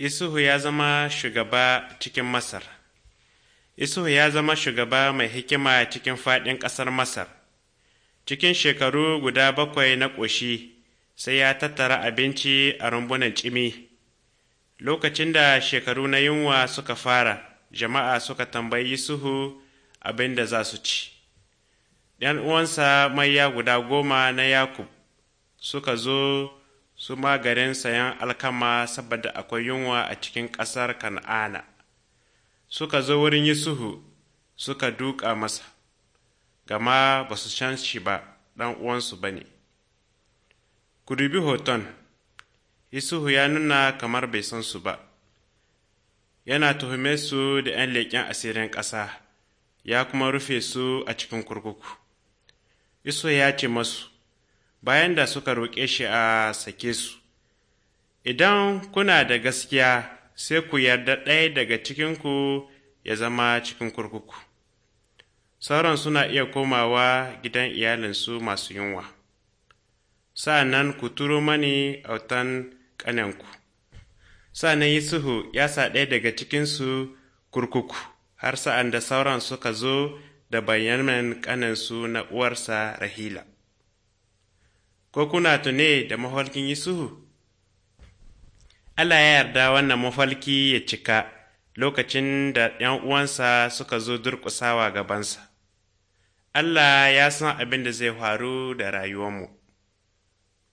Isuhu ya zama shugaba cikin Masar. Isuhu ya zama shugaba mai hikima cikin faɗin ƙasar Masar. Cikin shekaru guda bakwai na ƙoshi, sai ya tattara abinci a rumbunan cimi. Lokacin da shekaru na yunwa suka fara, jama'a suka tambayi Isuhu abin da za su ci. ‘Yan uwansa ya guda goma na Yakub suka zo su ma garin sayan alkama saboda akwai yunwa a cikin ƙasar kan'ana suka zo wurin yusuhu suka duka masa gama ba su shan shi ba ɗan uwansu ba ne ku dubi hoton yusuhu ya nuna kamar bai san su ba yana tuhume su da 'yan leƙen asirin ƙasa ya kuma rufe su a cikin kurkuku Iso ya ce masu bayan da suka roƙe shi a sake su. Idan kuna da gaskiya sai ku yarda ɗaya daga cikinku ya zama cikin kurkuku. Sauran suna iya komawa gidan iyalinsu masu yunwa. Sa'an ku turo mani autan ƙananku. Sa'an Yusufu ya sa ɗaya daga cikinsu kurkuku, har sa'an da sauran suka zo da bayanan ƙanansu na uwarsa Rahila. ko kuna tune da mafalkin Yusufu? Allah ya yarda wannan mafalki ya cika lokacin da ‘yan uwansa suka zo durƙusawa gabansa. Allah ya san abin da zai faru da rayuwarmu.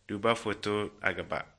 Duba foto a gaba.